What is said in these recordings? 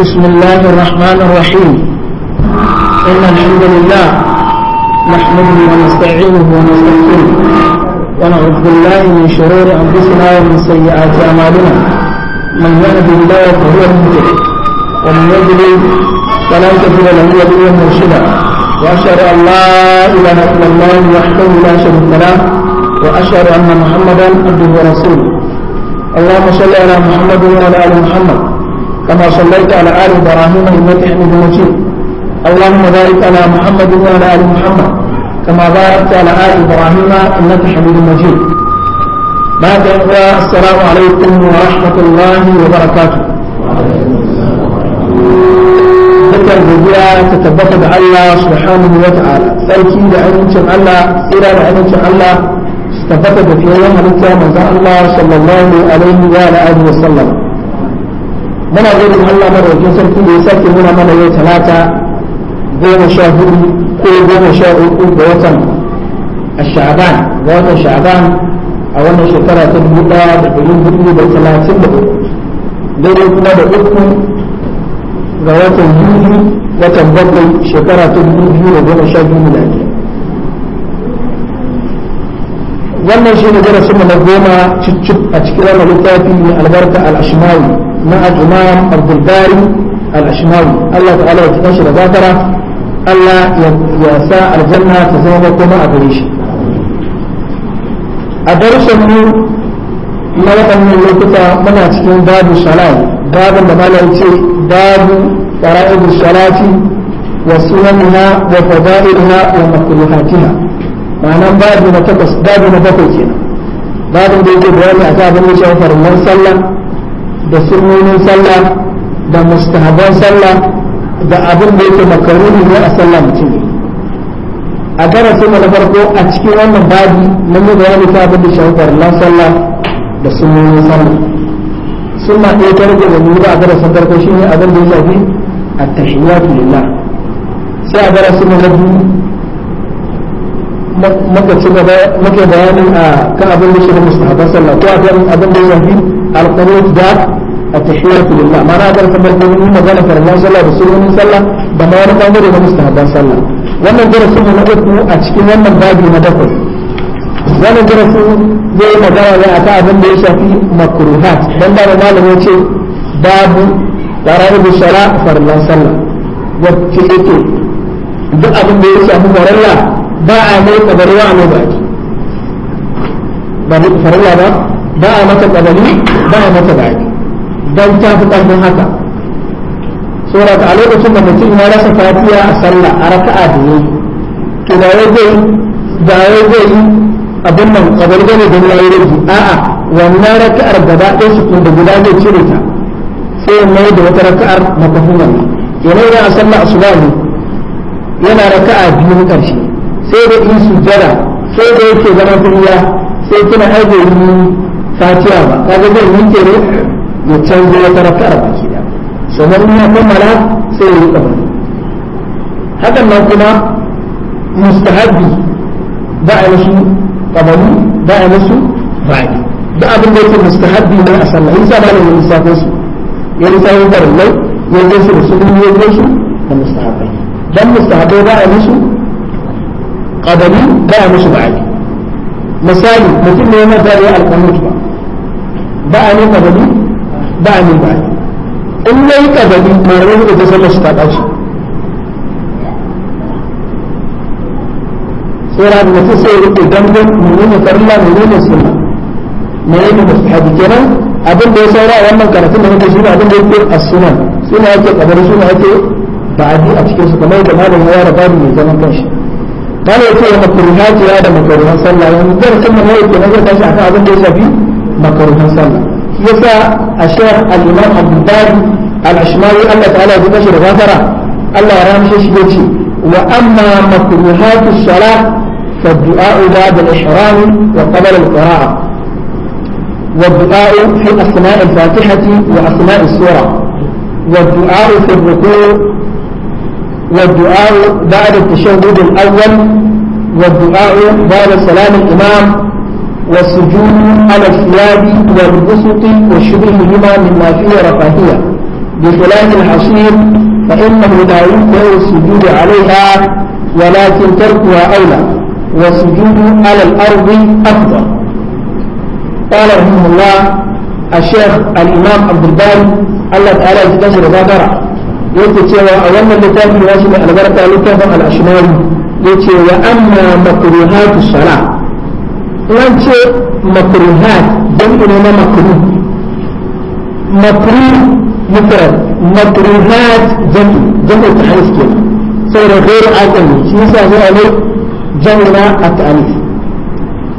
بسم الله الرحمن الرحيم إن الحمد لله نحمده ونستعينه ونستغفره ونعوذ بالله من شرور أنفسنا ومن سيئات أعمالنا من يهد الله فهو المهتدي ومن يضلل فلا تجد له وليا مرشدا وأشهد أن لا إله إلا الله وحده لا شريك له وأشهد أن محمدا عبده ورسوله اللهم صل على محمد وعلى آل محمد كما صليت على آل إبراهيم إنك حميد مجيد اللهم بارك على محمد وعلى آل محمد كما باركت على آل إبراهيم إنك حميد مجيد بعد أن السلام عليكم ورحمة الله وبركاته ذكر جزيرة تتبقى الله سبحانه وتعالى سيكي لعلم شمع الله إلى لعلم شمع الله تتبقى في يوم الكامل الله صلى الله عليه وآله وسلم muna gode da Allah madaukakin sarki da ya sake nuna mana yau talata goma sha hudu ko goma sha uku ga watan sha'ban ga watan sha'ban a wannan shekara ta dubu daya da dari hudu da talatin da uku daidai kuma da uku ga watan yuli watan bakwai shekara ta dubu biyu da goma sha biyu da wannan shi ne darasin na goma cicci a cikin wannan littafi mai albarka al-ashmawi مع الإمام عبد الباري الأشماوي الله تعالى يتنشر ذاكرة الله يساء الجنة تزوم كما أبريش أدرس من ملكا من اللوكتا من أتكين باب الصلاة باب لما يأتي باب فرائض الصلاة وسننها وفضائلها ومكروهاتها معنى باب نتبس باب نتبس باب نتبس باب نتبس باب نتبس باب نتبس باب نتبس da sunnonin sallah da mustahaban sallah da abin da yake makaruni ne a sallah mutum a suna na farko a cikin wannan babi na yi bayani ta abin da shafi sallah da sunnonin sallah sunna ɗaya ta rage da mu ba a darasin farko shine abin da ya shafi at-tahiyatu lillah sai a suna na biyu maka ci gaba muke bayani a kan abin da shi da mustahabar sallah ko a kan abin da ya shafi alqanut da at-tahiyatu lillah mana da sabar da mun magana farman sallah da sunan sallah da ma wani bangare na mustahabban sallah wannan darasin mu na uku a cikin wannan babi na bakwai wannan darasin zai magana ne akan abin da ya shafi makruhat dan da malamin ce babu qara'ib shara farman sallah wacce yake duk abin da ya shafi farilla ba a mai kabarwa a mai baki ba duk farilla ba ba a mata kabari ba a mata baki dan ta fi karfin haka saboda a lokacin da mutum ya rasa fatiya a sallah a raka'a da yayi to da ya zai da abin nan kabari gane da ya yi a'a wannan raka'ar gaba ɗaya su da guda zai cire ta sai ya mai da wata raka'ar makafin wannan yana yana a sallah ne yana raka'a biyu karshe sai da in sujjada sai da yake zama duniya sai kina ajiye fatiha ba kaga zai wanke ne ya canza wata raka a baki da sannan in ya kammala sai ya rika bari hakan nan kuma mustahabbi ba a wasu kabali ba a wasu ba'i da abin da yake mustahabbi ne a sallah in sa ba ne lissafin su ya lissafin farillai ya zai su da su ya zai su da mustahabbai dan mustahabbai ba a musu kabali ba a musu ba'i misali mutum ne yana zariya alƙanut ba ba a ne kabali ba a ne ba in ya yi kabali malamai suka ta sallar shi ta ɓaci tsora da mutum sai ya rike gangan menene farilla menene sunna menene mustahabi kenan abin da ya saura a wannan karatun da muka shi abin da ya yake a sunan suna yake kabari suna yake ba a cikin su kamar da malam ya babu mai zaman kanshi kana yake ya makuruhatiya da makuruhan sallah yanzu darasin mu ne yake nazarta shi akan abin da ya shafi مكروه سنة يسا الشيخ الإمام عبد الباري العشماري ألا تعالى ذي نشر غفرة ألا رامش شبتي وأما مكروهات الصلاة فالدعاء بعد الإحرام وقبل القراءة والدعاء في أسماء الفاتحة وأسماء السورة والدعاء في الركوع والدعاء بعد التشهد الأول والدعاء بعد سلام الإمام والسجون على الثياب والبسط وشبههما مما فيه رفاهية بخلاف الحصير فإنه لا يمكن السجود عليها ولكن تركها أولى والسجود على الأرض أفضل قال رحمه الله الشيخ الإمام عبد الباري الله تعالى يتكسر ذاكرة يكتب أولا لتابع الواشم البركة لتابع الأشمال يكتب وأما مكروهات الصلاة nan ce makruhat jam'i ne na makruh makruh mufrad makruhat jam'i jam'i ta'anis kenan saboda gairu aqali shi yasa zai ne jam'i na ta'anis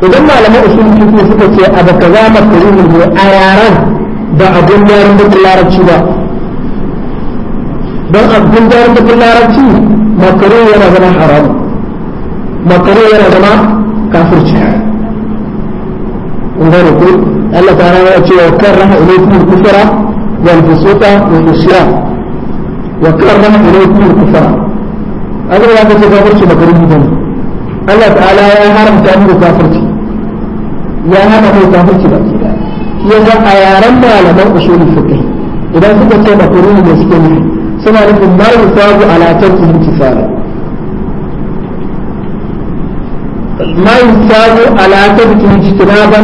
idan malamai usul fiqh suka ce abu kaza makruh ne a yaran ba abun yaran da larabci ba don abun yaran da larabci makruh yana zama haram makruh yana zama kafirci kun ko Allah ta rana ce wa karraha ilaykum al-kufra wal fusuqa wal isyan wa karraha ilaykum al-kufra Allah ya ce kafirci ba garin gidan Allah ta'ala ya haramta mu kafirci ya hana mu kafirci ba ki ya ga a yaran malaman usulul fiqh idan suka ce makaruni da suke nufi suna nufin ma yusabu ala tarki intisala ما يثاب على تركه اجتنابا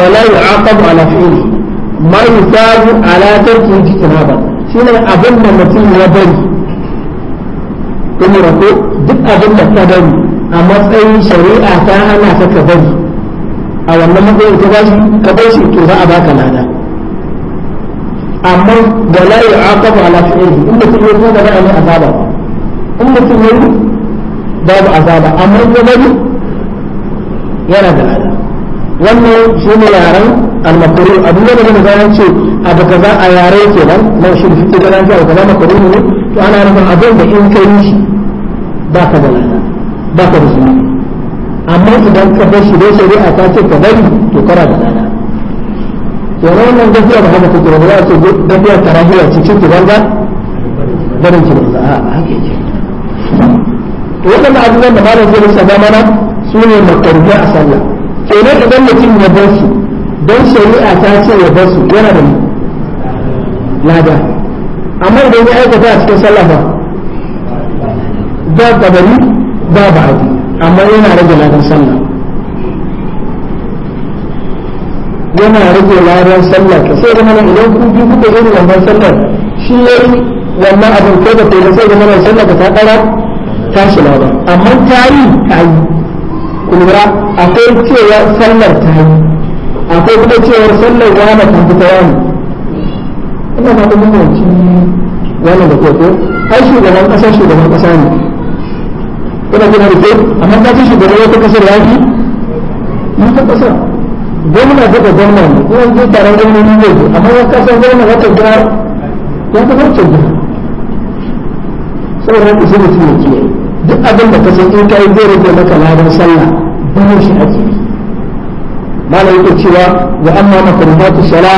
ولا يعاقب على فعله ما يثاب على تركه اجتنابا شنو أظن متين يبري kuma rako duk abin da ka bari a matsayin shari'a ta hana ka ka bari a wannan matsayin ka bashi ka bashi to a baka lada amma da la yu'aqabu ala fi'lihi in mutum ya kuma ba yi in ya yi amma yana da ala wannan shi ne yaren almakuru a duk wanda gana zan ce baka za a yare ke nan shi fi ke gana abu gana makuri ne to ana nufin abin da in kai shi ba ka da lada ba ka da zuwa amma idan ka bar shi dai shari'a ta ce ka bari to kara da lada kenan wannan gafiya ba haka take ba za a ce gafiya tarahiya ce ce ki banza barin ki banza a haka yake to wannan abin da malam zai rasa mana su ne makarbi a sallah kenan idan mutum ya bar su don shari'a ta ce ya bar su yana da lada amma idan ya aikata a cikin sallah ba ba kabari ba ba ba'adi amma yana rage ladan sallah yana rage ladan sallah ka sai zama idan ku bi kuka irin wannan sallah shi ya yi wannan abin kai da kai sai zama sallah ka ta kara tashi ladan amma tari ta yi kuma akwai cewar sallar ta yi akwai kuma cewar sallar wani ina kuma wani da shugaban kasa shugaban kasa ne kuna da ke amma ta ce shugaban wata kasar ya fi kasar gwamna daga gwamna ne kuma zai taron ne amma kasar gwamna wata saboda ne duk abin da ka san in kai zai rage maka ladan sallah ba shi ake yi malam yake cewa wa amma makarumatu sala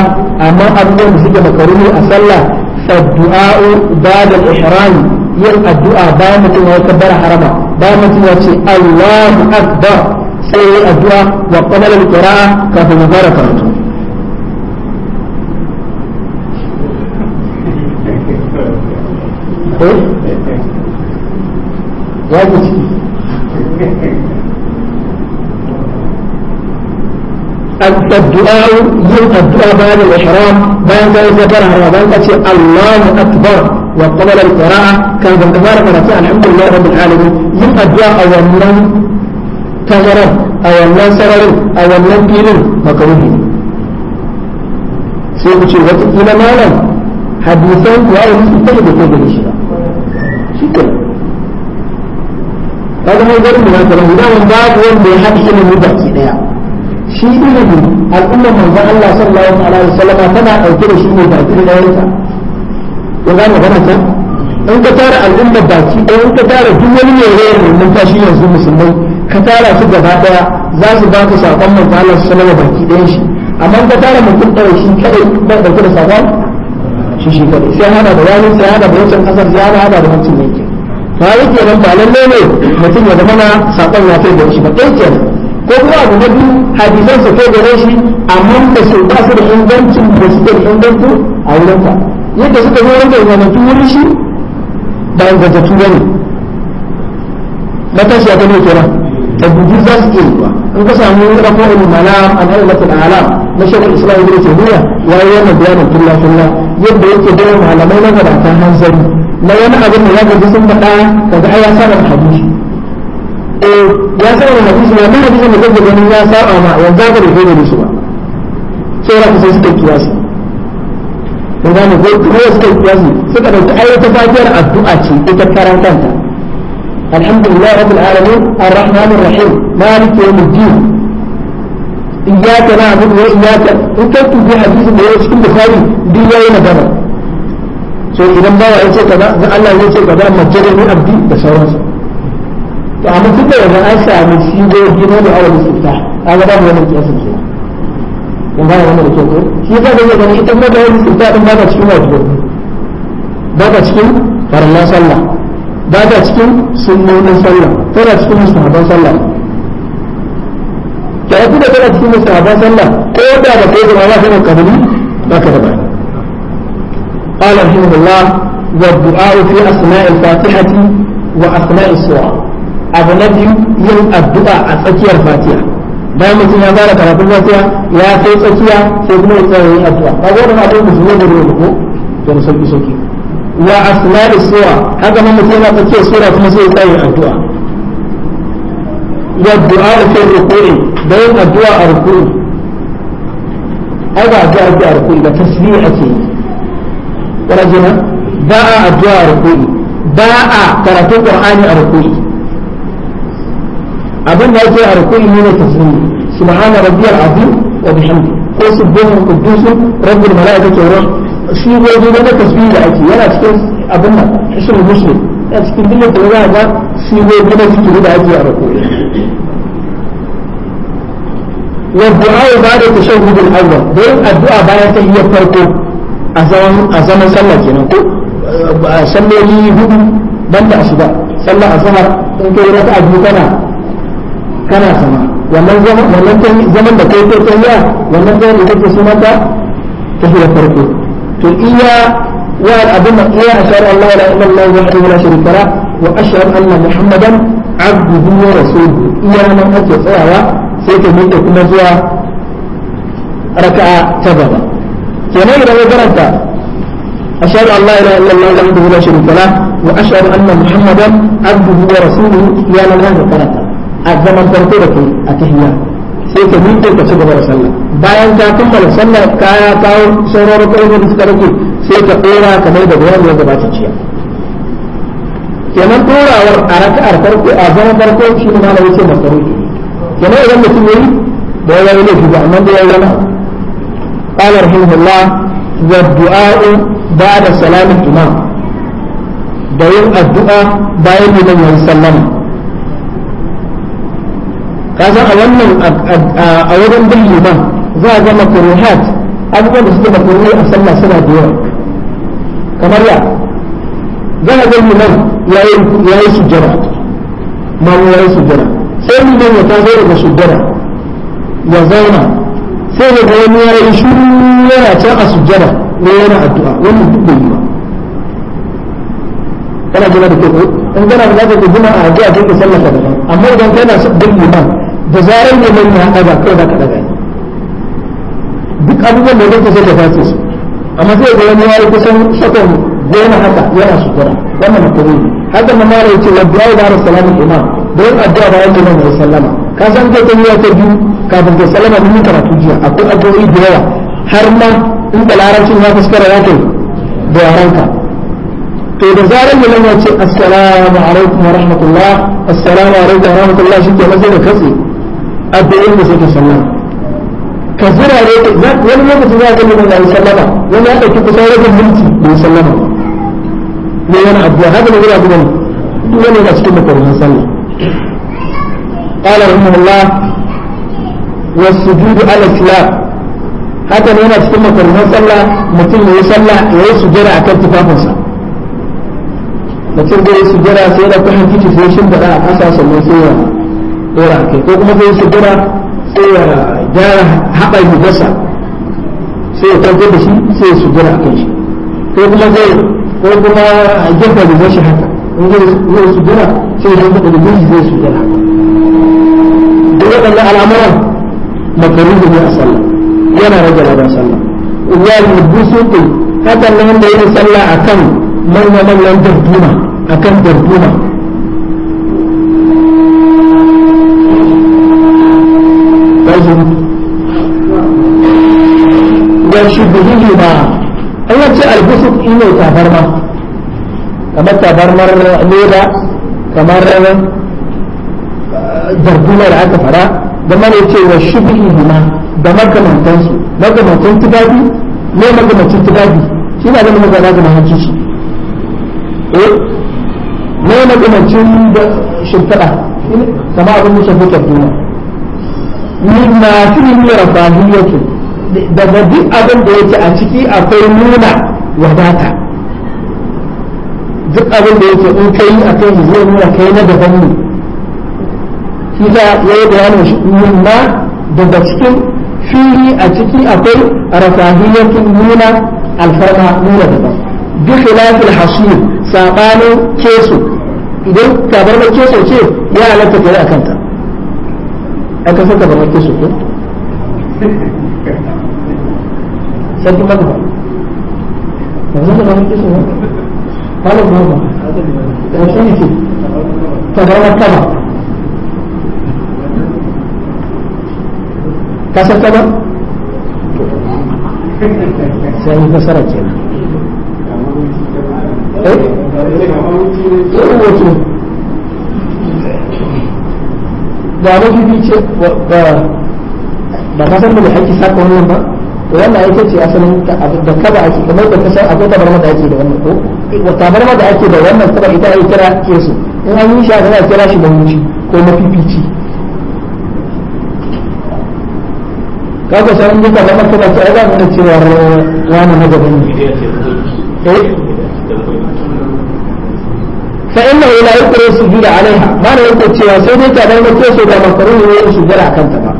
amma abubuwan da suke makarumi a sallah fa du'a'u ba'da ihram yin addu'a bayan mutum ya kabbara harama bayan mutum ya ce Allahu akbar sai yi addu'a wa qabala al-qira'a kafin ya fara karatu eh yaki ciki addu'a yin addu'a bayan da ihram bayan da ya zabara har bayan ka ce Allahu akbar wa qabal al-qira'a kan da zabara da ta annabi Allah yin addu'a a wannan tazara a wannan sarari a wannan filin makaruhi sai ku ce wata kila malam hadisan ku ayi su take da kaga mai gurin da zaka rubuta wannan babu wanda ya haɗa ilimi baki ɗaya shi ilimi al'ummar manzon Allah sallallahu alaihi wasallam tana dauke da shi ne baki daya ta ya gane magana ta in ka tara al'ummar baki daya in ka tara duk wani ne ya yi mun tashi yanzu musulmai ka tara su gaba ɗaya za su ba ka sakon manzon Allah sallallahu alaihi baki dayan shi amma ka tara mutum ɗaya shi kaɗai ba dauke da sakon shi shi kadai sai hada da wani sai hada da wancan kasar sai hada da wancan yanki ba ke nan ba lalle ne mutum ya zama na sakon ya kai gare shi ba kai ko kuma abu na biyu hadisan su kai gare shi amma da su ba su da ingancin da su da ingantu a wurin ka yadda suka zo wanda ingantattu wurin shi ba ingantattu ba ne matashi ya gano kenan da gudu za su iya yiwa in ka samu rafo ilmi malam an ilmatul ala na shekul islam ibn taymiya ya yi wannan bayanin tun yadda yake da malamai na gabatan hanzari na wani abin da zaka ji sun faɗa daga ai ya saba da hadisi eh ya saba da hadisi na mun hadisin da ga ganin ya saba ma yanzu ka rubuta da shi ba sai ra kusa suka kiyasi mun gane ko kuma suka kiyasi suka dauki ai ta addu'a ce ita karan kanta alhamdulillah rabbil alamin arrahmanir rahim maliki yawmiddin iyyaka na'budu wa iyyaka in bi hadisin da yake cikin bukhari duk yayi magana to idan bawa ya ce kaza na Allah ya ce kaza majjada ni abdi da sauransu to amma duk da yanzu an samu sigogi gina da awal istifta a ga babu wannan kiyasin ke kun gane wannan da ke ko shi yasa ga yake ita ma da awal istifta din ba ta cikin wajibi ba ta cikin farallan sallah ba ta cikin sunnonin sallah tana cikin mustahaban sallah ta yi da tana cikin mustahaban sallah ko da ba kai da ma ba ta da kabili ba ka da ba. قال رحمه الله والدعاء في أسماء الفاتحة وأسماء السورة أبو نبي يوم الدعاء أسكي الفاتحة دائما تنيا بارك على كل ناسيا يا سيد سكيا سيد نور سيد الدعاء فأقول ما أقول بسم الله بروي لكم جل سلبي سكي وأسماء السورة هذا ما متينا تكي السورة في مسيح سيد الدعاء والدعاء في الركوع دائما الدعاء الركوع هذا جاء في الركوع بتسبيحة سيد ورجما باء أدواء ركوي باء قرأت القرآن ركوي أبن ناجي ركوي من التسليم سبحان ربي العظيم وبحمده قل سبحانه القدوس رب الملائكة والروح شيء يجي لنا تسبيح لأتي يلا تكون أبن حسن المسلم لكن بالله تعالى هذا شيء يجي لنا تسبيح لأتي ركوي والدعاء بعد التشهد الأول دون الدعاء بعد تهيئة الركوب a zaman sallah kenan ko salloli hudu ban da asuba sallah azhar in kai raka'a biyu kana kana sama wannan zaman wannan zaman da kai kai tsaya wannan zaman da kake sunan ta da farko to iya wa abin nan iya ashar Allah la ilaha illallah wahdahu la sharika la wa ashhadu anna muhammadan abduhu wa rasuluhu iya nan ake tsayawa sai ka miƙe kuma zuwa raka'a ta gaba ونجد وقرأت أشهد أن لا إله إلا الله وحده لا شريك له وأشهد أن محمدا عبده ورسوله يا لله وقرأت الزمن فرطرك أتهيا sai ka miƙe ka ci gaba da sallah bayan ka kammala sallah kaya kawo sauran rukunin da suka rage sai ka tsora ka mai da bayani ya gabata ciya kenan tsorawar a raka'ar farko a zaman farko shi ne malami ce masarufi kenan idan mutum yayi da ya yi laifi ba amma da ya yi wani قال رحمه الله والدعاء بعد سلام الإمام دعين الدعاء باين من يسلم kaza a wannan a wajen bin liman za a ga makuruhat abubuwan da suke makuruhai a sallah suna da yawa kamar ya Za ga liman ya yi sujjara ma ya yi sujjara sai ta zo daga sujjara ya zauna sai da wani ya yi shuru yana can a sujjada ko yana addu'a wannan duk bai yi ba kana jira da kai in kana da a addu'a sai ka sallaka da amma idan kana da zarar ne mai ya daga kai da daga duk abubuwan da sai su amma sai wani ya kusan shakon haka yana sujjada wannan wa da'a da salamu imam don addu'a da wanda sallama ka san kai ta niyya ta biyu kafin ta salama mun yi karatu jiya akwai addu'o'i da yawa har ma in da larabcin ya fuskara ya kai da yaranka to da zarar ya nan ce assalamu alaikum wa rahmatullah assalamu alaikum wa rahmatullah shi ke mazai da katse addu'o'in da sai ta sallama ka zira ne wani lokacin za ka nuna yi sallama wani ya ɗauki kusan rabin minti da ya sallama ne yana addu'a haka ne wani abu ne duk wani yana cikin makarunan sallah قال رحمه الله والسجود على السلاف hakan yana cikin makarnin sallah صلى مثل ما sallah ya yi sujjara akan mutum zai yi sujjara sai da kuma kici sai shin da a ƙasa sannan sai ya dora kai ko kuma zai yi sujjara sai ya gyara haɓa rigarsa sai ya kwantar da shi sai ya sujjara akan shi ko kuma zai ko kuma a shi haka in zai sai ya shi waɗannan al'amuran makaruhu ne a sallah yana rage a sallah wajibi busuku haka nan da yana sallah akan manyan manyan darduma akan darduma yashbuhu ba an yace albusuk ina tabarma kamar tabarmar leda kamar darduma aka fara da mana ce wa shubhi huma da makamantan su makamantan tibabi ne makamantan tibabi shi ba da magana da mahancin shi eh ne makamantan da shimfiɗa kama abin musa ko tafiya ni na cikin yake daga duk abin da yake a ciki akwai nuna wadata duk abin da yake in kai a kai zai nuna kai na daban ne إذا يبيان مما دبتكم فيه أتكي أقول رفاهية نون الفرقة نون دبا بخلاف الحصول ساقان كيسو إذا كبرنا كيسو كيف يا على تكري أكنت أكنت كبرنا كيسو كيف سنتم مدفع مدفع كبرنا كيسو قالوا ماذا؟ لا شيء كيف تبرنا كبرنا ka san sai yi fasara kenan eh wato da ce ba ka san da ake saka wannan ba wannan ita ce asalin da kaba ake kamar da kasar akwai tabarma da ake da wannan ko tabarma da ake da wannan kaba ita ake kira kesu in an yi shi a kira shi da wuce ko mafifici kaga sai mun ka zama kuma sai da mun cewa wani na gaban eh fa inna ila yaqra sujuda alaiha ma ne yake cewa sai dai ta dan ko so da makarun ne yin sujada akan ta ba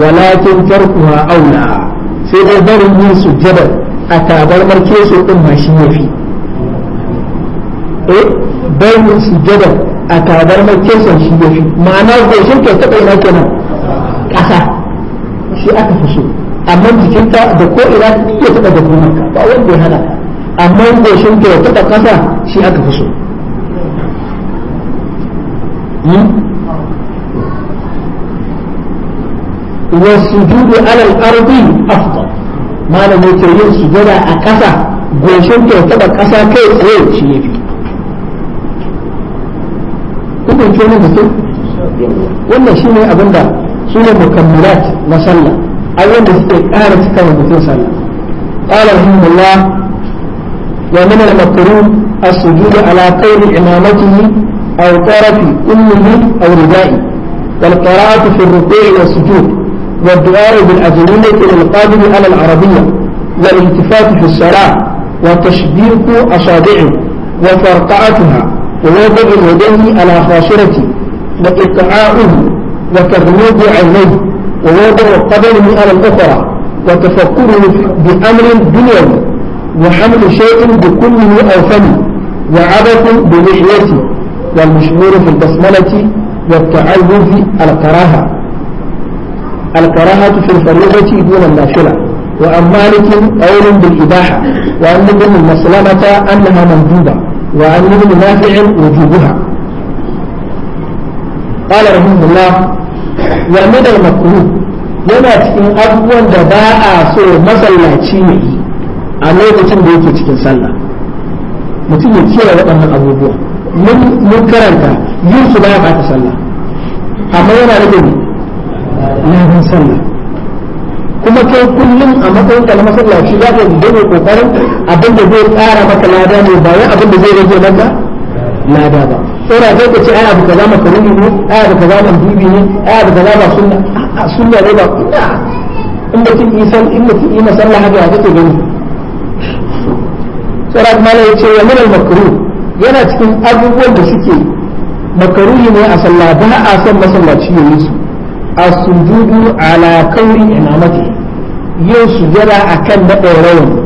walakin tarkuha aula sai dai barin yin sujuda a marke so din ma shi fi eh barin sujuda a marke keso shi fi ma'ana goshin ke taba ina kenan kasa shi aka fi so amma ta da ko ina ya taɓa da kuma ba wanda ya hana amma goshinka ya taɓa ƙasa shi aka fi so والسجود hmm? ardi afdal malamu ke yin sujuda a kasa goshin ka ya taba kasa kai tsaye shi ne fi kuma ce ne mutum wannan shi ne abinda سنة مكملات ما صلى أيام الاستيقاظ كما بكون صلى قال رحمه الله ومن المكروه السجود على قيد إمامته أو طرف أمه أو ردائه والقراءة في الركوع والسجود والدعاء بالأجنبية للقادم على العربية والالتفات في الصلاة وتشبيك أصابعه وفرقعتها ووضع اليدين على خاصرته وإقعاؤه وتغميض عينيه ووضع قدمه على الأخرى وتفكره بأمر دنيا وحمل شيء بكله أو فمه وعبث بلحيته والمشمول في البسملة في الكراهة الكراهة في الفريضة دون النافلة وأن مالك قول بالإباحة وأن ابن المسلمة أنها مندوبة وأن ابن نافع وجوبها قال رحمه الله wanne da makuru yana cikin abubuwan da ba a so masallaci ne a lokacin da yake cikin sallah mutum ya kiyaye waɗannan abubuwa mun karanta yin su baya bata sallah amma yana da rage yin sallah kuma kai kullum a matsayin ka na masallaci za ka yi kokarin abin da zai kara maka lada ne ba wai abin da zai rage maka lada ba tsora zai ka ce ai abu kaza makaruni ne ai abu kaza mandubi ne ai abu kaza ba sunna a sunna ne ba in mutum yi san in mutum yi masallaha ba kake gani tsora kuma ya ce ya minal makaru yana cikin abubuwan da suke makaruni ne a sallah ba a san masallaci ya yi su as-sujudu ala kauri imamati yin sujada akan da rawan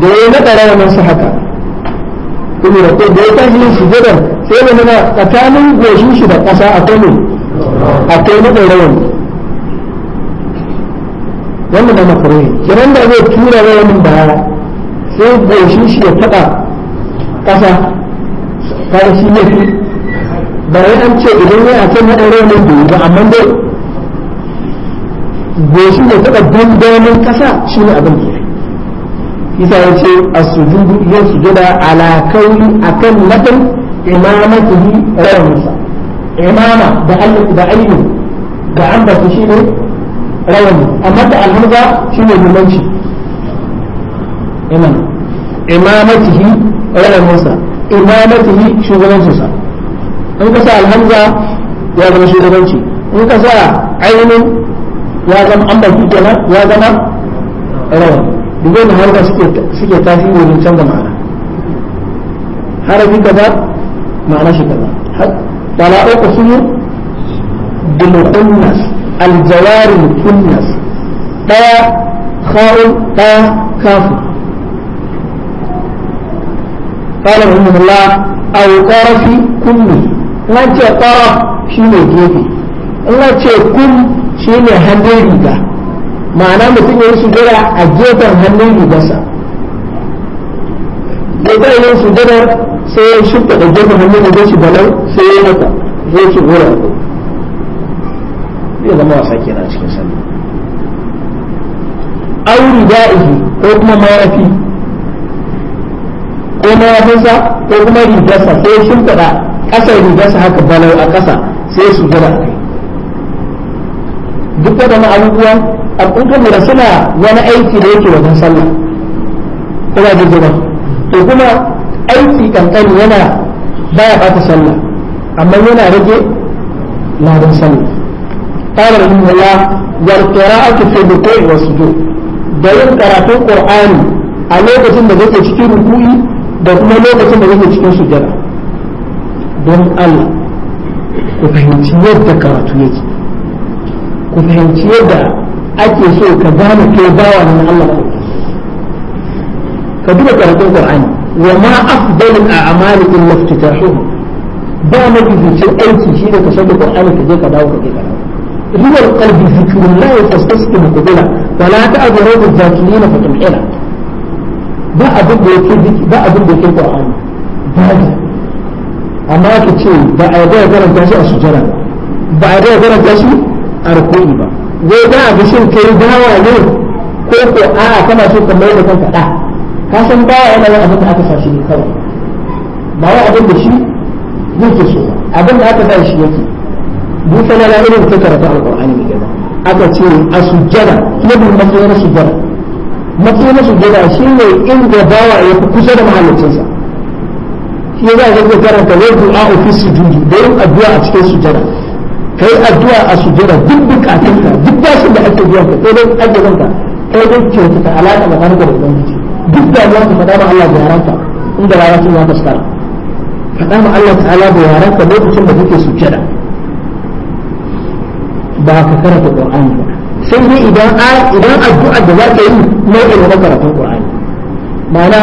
da ya naɗa rawanin su haka da ko da ya tashi yin sujadar sai da mana tsakanin goshin shi da a akwai ne akwai na rawan wannan da makare kiran da zai tura rawan da sai goshin shi ya taɓa kasa kada shi ne ba ya an ce idan ya a kan na rawan da yi ba amma dai goshin ya taɓa dandamin kasa shi ne abin da isa ya ce as-sujudu yin sujuda ala kauli akan ladan imamatihi rawansa imama da alif da alif da ambata shine rawani amma da alhamza shine limanci imam imamatihi rawansa imamatihi shugabancinsa in ka sa alhamza ya zama shugabanci in ka sa ainihin ya zama ambata kenan ya zama rawani duk wanda harka suke tasiri wajen canza ma'ana harafi kaza ma'ana shi kaza wala uqsimu bil khunnas al jawari khunnas daya kha'un daya kafu qala rahimahullah aw qarafi kulli nan ce qaraf shine gefe in ce kun shine hannun riga ma'ana mutum ya yi sujada a gefen hannun rigarsa ya ta yin sujada sai ya shirka da gefen hannun rigar shi balan sai ya mata zai ci gora ko ya zama wasa kenan cikin sallah auri da'ihi ko kuma marafi ko marafinsa ko kuma rigarsa sai ya shirka da kasar rigarsa haka balau a ƙasa sai su kai duk waɗannan abubuwan a kuntun da suna wani aiki da yake wajen sallah kuma jira to kuma aiki kankani yana baya bata sallah amma yana rage ladan sallah قال رحمه الله والقراءة wasu الركوع da yin karatun qur'ani a lokacin da kake cikin ruku'i da kuma lokacin da kake cikin sujada don Allah ku fahimci yadda karatu yake ku fahimci yadda ake so ka gane kai bawa ne Allah ko ka duba karatun Qur'ani wa ma afdalu a'mali illa iftitahuhu ba ma mafificin aiki shi ne ka sanda Qur'ani ka je ka dawo ka je ka dawo riba qalbi zikrullah fa tasqimu qubula wa la ta'dharu bizakirina fa tumhila ba abin da yake ba abin da yake Qur'ani ba amma ka ce ba a yarda ya shi a sujjara ba a yarda ya karanta shi a rukuni ba zai za a ga shin yi dawa ne ko ko a'a kana so ka mai da kanka da ka san dawa yana yin abin da aka sa shi ne kawai ba wai abin da shi yake so abin da aka sa shi yake buta na lalibin ta karatu alqur'ani ne gaba aka ce a sujjada yadda matsayin sujjada matsayin sujjada shi ne inda dawa ya fi kusa da mahallicinsa shi ya za a zai karanta wai du'a ofis sujudi da yin addu'a a cikin sujjada kai addu'a a sujjada duk bukatunka duk bashin da ake biya ka sai dai ajiyar ka kai dai kyauta ta alaƙa da kanka da ubangiji duk da ya ka faɗa ma Allah da yaranka inda rawa sun ya fuskara faɗa ma Allah ta'ala da yaranka lokacin da kake sujjada ba ka karanta Qur'ani ba sai dai idan idan addu'a da za ka yi nau'in na karatun Qur'ani ma'ana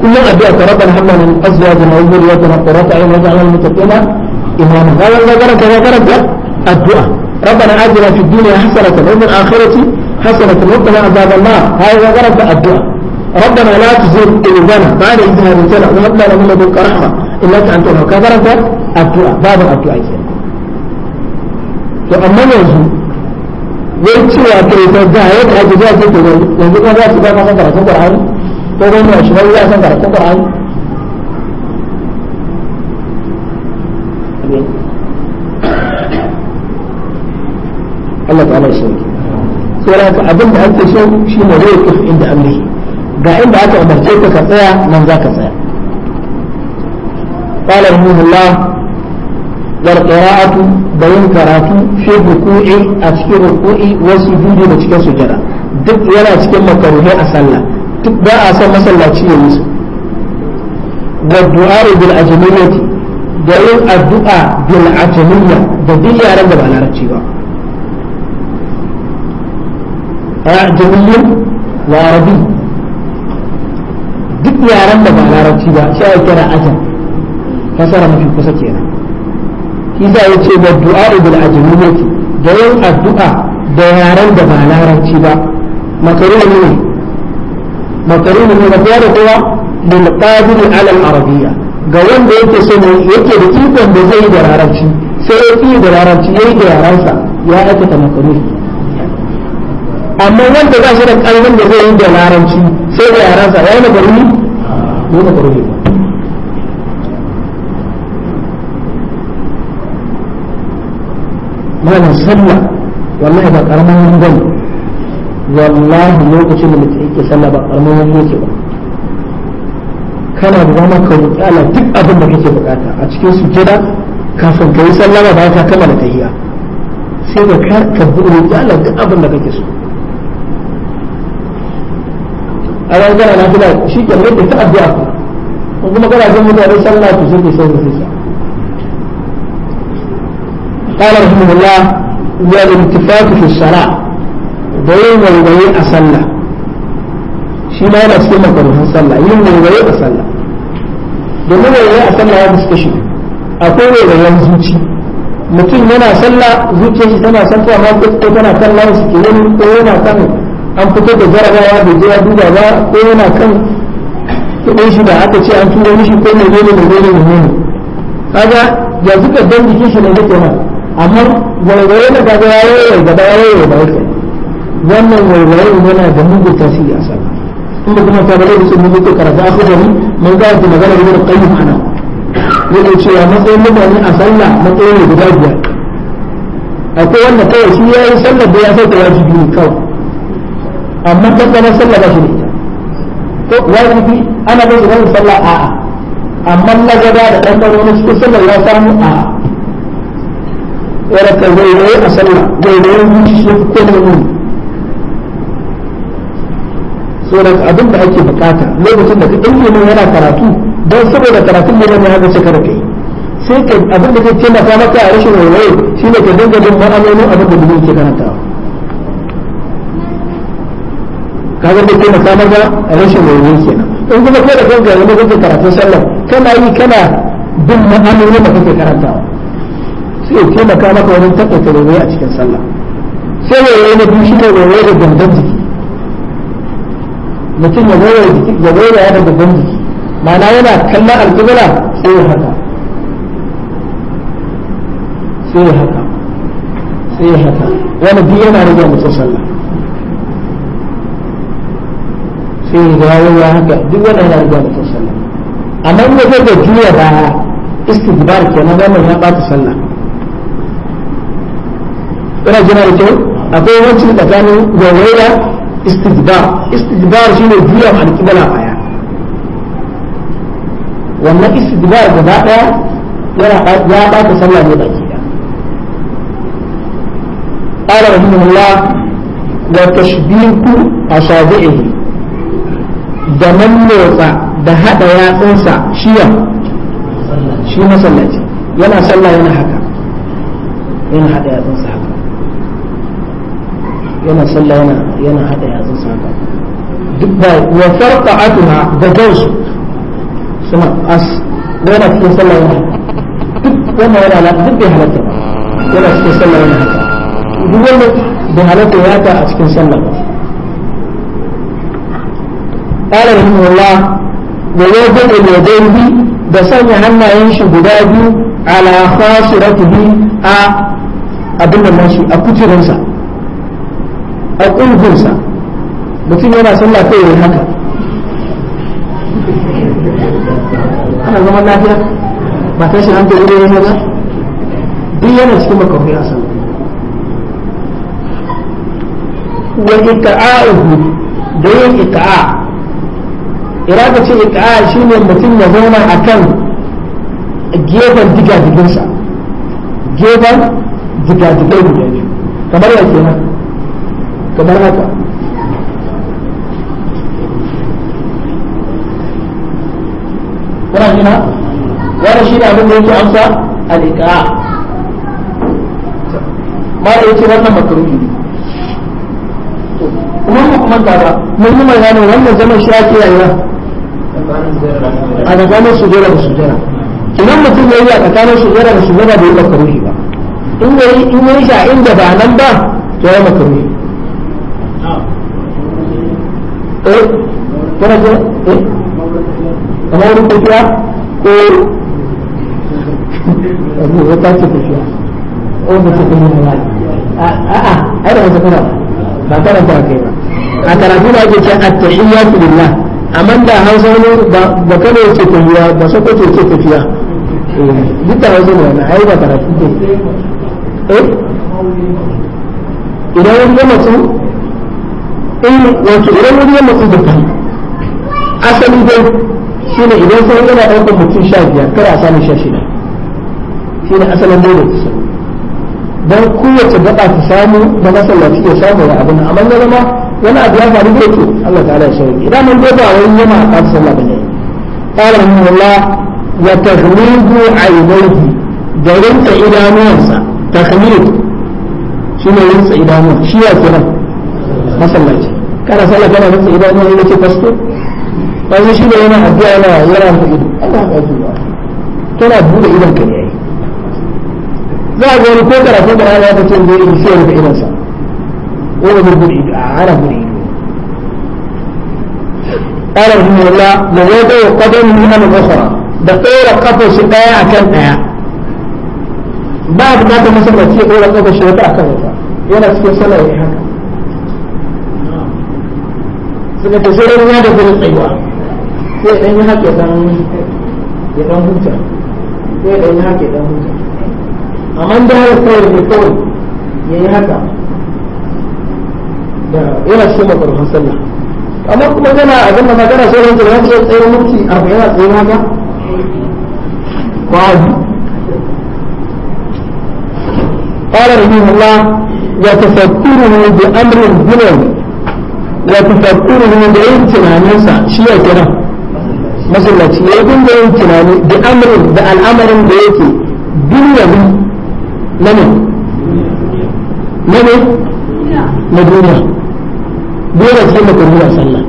kullum addu'a ta rabbana hablana min azwajina wa dhurriyyatina qurrata a'yun waj'alna lil muttaqina إمام غير إذا قرأ كذا قرأ الدعاء ربنا آتنا في الدنيا حسنة وفي الآخرة حسنة ربنا عذاب النار هذا إذا الدعاء ربنا لا تزيد قلوبنا بعد إذ هديتنا وهب لنا من لدنك رحمة إنك أنت الوهاب كذا قرأ الدعاء باب الدعاء to amma ويتسوى كيف cewa kai ta da ya ta ji ta ce yanzu kuma za su ba masa karatun Qur'ani ko gwamnati Allah ta'ala sai abin da ake so shi ne zai kuf inda amri ga inda aka umarce ka ka tsaya nan za ka tsaya قال رحمه الله والقراءة بين قراءة في الركوع أشكي الركوع وسجود وشكي سجرة duk yana cikin makaruhai a sallah duk ba a san masallaci ya musu wa da yin addu'a bil ajamiyya da duk yaran da ba larabci ba ajamiyyin larabi duk yaran da ba larabci ba shi ake kira ajam fasara mafi kusa kenan kiza ya ce wa du'a bil ajamiyyati da yin addu'a da yaran da ba larabci ba makaruni ne makaruni ne da kowa lil qadir al arabiyya ga wanda yake sani yake da ikon da zai da rarraci sai ya fi da rarraci ya yi da yaransa ya ta makaru amma wanda ba shi da karfin da zai yi da rarraci sai da yaransa ya yi makaru ne ya makaru ne malam sallah wallahi ba karamin wani bane wallahi lokacin da mutum yake sallah ba karamin wani yake ba kana da dama ka roƙi Allah duk abin da kake bukata a cikin sujjada kafin ka yi sallama ba ka kammala tahiyya sai ka ka roƙi Allah duk abin da kake so a ran kana na fila shi ke mai ta addu'a ko kuma kana jin mutane sallah to sai ka sai ka sai قال رحمه الله والالتفات في الصلاة بين وبين أصلى shi ma yana cikin makaruhan sallah yin waiwaye a sallah domin waiwaye a sallah ya fuska shi akwai waiwayen zuci mutum yana sallah zuci shi tana santuwa ma ko tana kan layin ke yin ko yana kan an fito da jarabawa da jira duba ba ko yana kan kuɗin shi da aka ce an turo mishi ko mai dole mai dole mai dole kaga ya ka dan jikin shi ne yake nan amma waiwaye na gaba ya yi gaba ya yi gaba yake wannan waiwaye yana da mugun tasiri a sallah in da kuma ta da zai ce mun yake karatu akhirari mun ga da magana da qayyim ana yake cewa matsayin mutane a sallah matsayin ne guda biyar akwai wanda kawai shi ya yi sallar da ya ta wajibi ne kawai amma ta kana sallah ba shi ne ko wajibi ana ba shi wani sallah a'a amma lagada da ɗan ɗan wani cikin sallar ya samu a'a wadda ka zai a sallah zai zai wuce shi ko ne saboda abin da ake bukata lokacin da ka ɗauke yana karatu don saboda karatun ne ne haka shekara kai sai ka abin da zai taimaka maka a rashin waye ne ka dinga bin ma'amalin abin da dubin ke karanta kaga da taimaka maka a rashin waye kenan in kuma kai da kanka ne kake karatun sallah kana yi kana bin ma'amalin da kake karanta sai ya taimaka maka wajen tabbata waye a cikin sallah sai waye na biyu shi ne waye da gangan jiki mutum ya goya jiki ya goya da babban jiki ma'ana yana kallon alƙibla sai ya haka sai ya haka sai ya haka wani biyu yana rage mutu sallah sai ya dawo ya haka duk wani yana rage mutu sallah amma nan ya da juya baya ke kenan wannan ya ɓata sallah ina jina da kyau akwai wancin tsakanin gwagwaira istidbar istidbar shine juya alƙibla baya wannan istidbar gaba daya yana ya bata sallah ne baki da qala rahimahullah wa tashbihu da mallotsa da yatsunsa shiya shi masallaci yana sallah yana haka yana haɗa yatsunsa haka yana sallah yana yana hada yatsun saka duk ba wa farqa'atuha da gausu suna as yana cikin sallah yana duk wanda yana la duk bai halatta yana cikin sallah yana duk wanda bai halatta ya ta a cikin sallah قال رحمه الله ووضع اليدين da sanya hannayen shi guda biyu ala khasiratihi a abin da nashi a kuturinsa a ƙungunsa mutum yana sallah kai yayi haka ana zama lafiya ba ta shi hankali ne yana ba duk yana cikin makawai a sallah wa ita'a ita'ahu da yin ita'a irada ce ita'a shi ne mutum ya zauna kan gefen diga diginsa gefen diga digai guda biyu kamar yake nan kamar haka kuna jina wani shi ne abin da yake amsa alika ma da yake wannan makaruhi ne kuma mu kuma tara ba mun yi magana wannan zaman shi ake rayuwa a tsakanin sujera da sujera idan mutum ya yi a tsakanin sujera da sujera bai yi makaruhi ba in yi shi a inda ba nan ba to ya makaruhi kuna ce eh kamar wurin tafiya ko abu ko da su kuma ba a da ake amma da hausa ne ba kana yace tafiya ba sako ce ce tafiya eh, duk hausa ne wannan ai ba karatu ce eh idan wani ya mutu in wato idan wani ya mutu da kai asali dai shi ne idan sai yana ɗaukar mutum sha biyar kar a samu sha shida shi ne asalin dai da kusa don kowace gaba ta samu da masallaci ya samu da abin amma ya zama wani abu ya faru da yake Allah ta'ala ya sauke idan mun dai ba wani yana a ƙasa sallah bane qala Allah wa taghmidu aynayhi da rinta idanuwansa taghmid shi ne rinta idanuwa shi ya kira masallaci kana sallah kana rinta idanuwa yake fasto طيب ماشي ده انا هدي انا يلا انت ايده الله اكبر كده بوده ايده كان يعني لا غير كده عشان ده انا بتين دي يصير في ايده صح هو بيقول ايده على بوده قال رحمه الله لغيته قدم من الاخرى دقيرة قطر شقايا كان ايا بعد ما تمسك تسيق ولا قطر شقايا كان ايا يلا تسيق سنة ايا سنة تسيق ايا في القيوان sai dan yi haka dan ya dan huta sai dan yi dan huta amma da har sai ne kawai ya yi haka da yana so ma ruhan sallah amma kuma yana a gama magana sai ranka da sai tsayin mutu abu yana tsayin haka babu قال رحمه الله وتفكره بأمر الدنيا وتفكره بعيد عن شيء كده masallaci ya yi dinga yin tunani da amrin da al'amarin da yake na ne na ne na duniya dole sai mutum yana sallah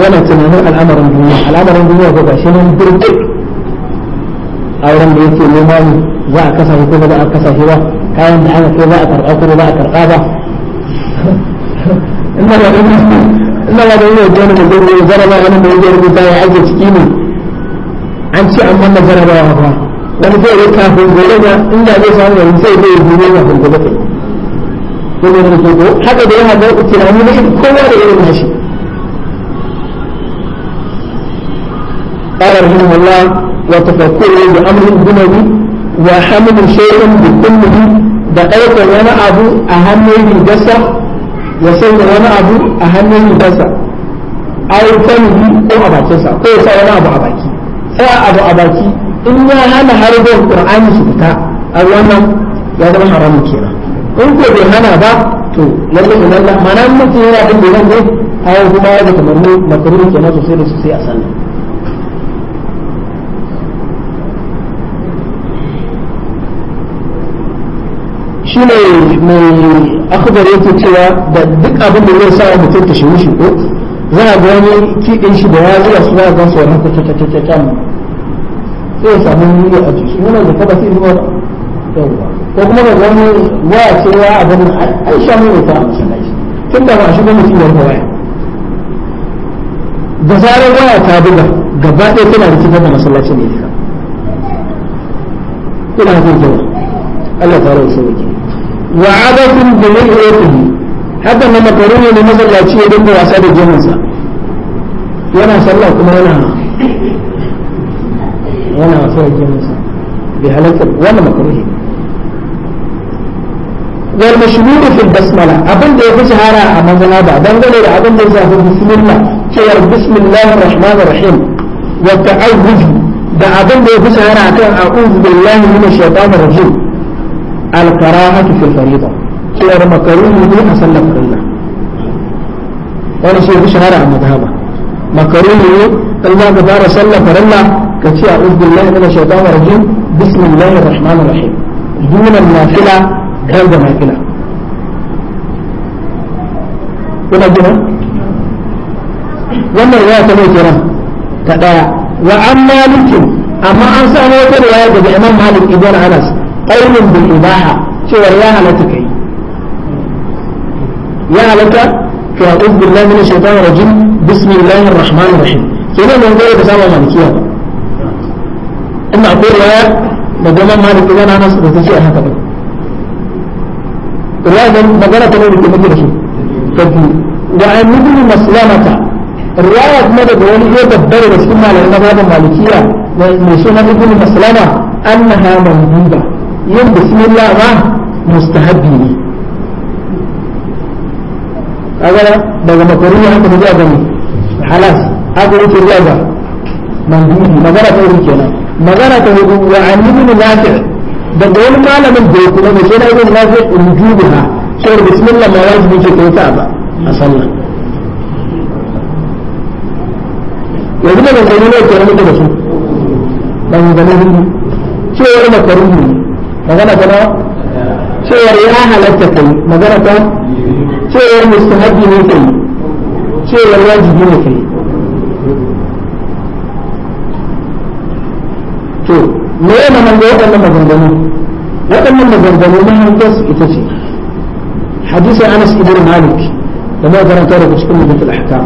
yana tunanin al'amarin duniya al'amarin duniya ko shi nan birkik auren da yake nema ne za a kasa ko ba za a kasa ba kayan da aka kai za a karɓa ko ba a karɓa ba da ina ba da wani wajen da gobe jarabawa wani mai wajen rubuta ya ajiye ciki ne an ce an wannan jarabawa ba wani zai yi kafin gobe ga inda zai samu wani zai zai yi gobe kafin gobe kai gobe da gobe haka da yana da tunani na kowa da irin nashi قال رحمه الله وتفكره بأمر دنوي وحمل شيئا بكله da ɗaukar wani abu a hannun rigarsa ya sauka wani abu a hannun a yi fanihi ko a bakinsa ko ya sa wani abu a baki a abu a baki in ya hana harbin qur'ani su fita a wannan ya zama haramun kenan in ko bai hana ba to lalle ilalla mana mutum yana bin da a ai kuma ya ga tamanni makarin kenan sosai da sosai a sannan shi ne mai akubar yake cewa da duk abin da zai sa mutum ta shiru shi ko za a gani kiɗin shi da ya zuwa su wani kuta ta ta ta sai ya samu ta a jiki ta da kaba sai zuwa ko kuma da wani waya ce ta ta ta an sha mai ta a ta tun da ba ta ta mutum ya waya da zarar waya ta buga gaba ɗaya tana ta da masallaci ne ta kuna zai jawa Allah ta ta sauki wa abatun da mai irotin haka na makaruni ne masallaci ya dinga wasa da jininsa yana sallah kuma yana yana wasa da jininsa bai halatta wannan makaruni wal mashhur fi basmala abin da yafi shahara a manzana ba dangane da abin da ya shafi bismillah cewar bismillahir rahmanir rahim wa ta'awuj da abin da fi shahara akan a'udhu billahi minash shaitanir alkarahatu fil fariida cewar makaruhi ne a sallar farilla wani shi ya shahara a madhaba makaruhi ne in za ka fara sallar ka ce a uzbillah min shaitan rajim bismillah ar-rahman dunan kuna wannan ya ta mai kiran ta daya wa amma amma an samu wata riwaya daga imam malik ibn anas قيد بالإباحة شو يا هلا يا هلا تك فأعوذ بالله من الشيطان الرجيم بسم الله الرحمن الرحيم كنا نقول بس أنا ما نسيها إن أقول يا مدام ما نسيها أنا ناس رزقي أنا تبع الله ذن مجرد تلوي كم تلوي تبي وأن نقول مسلمة الرواية ماذا تقول هي تبرر السنة لأن هذا مالكية من السنة نقول مسلمة أنها موجودة yin bismillah ma mustahabbi ne kaga daga makaruni haka mu gani halas haka yake zuwa mandubi magana ta wurin kenan magana ta hudu wa an ibn daga wani malamin da ya kula da shi na in nafi' wujubuha sai bismillah ma wajibi ce kai ta ba a sallah yanzu da ban gani ne ke rami da su ban gani hudu cewar makaruni magana ta nawa cewar ya halatta kai magana ta cewar mustahabi ne kai cewar wajibi ne kai to me ya manan da waɗannan maganganu waɗannan maganganu mahangar su ita ce hadisin anas ibn malik da ma karanta daga cikin mutum al-ahkam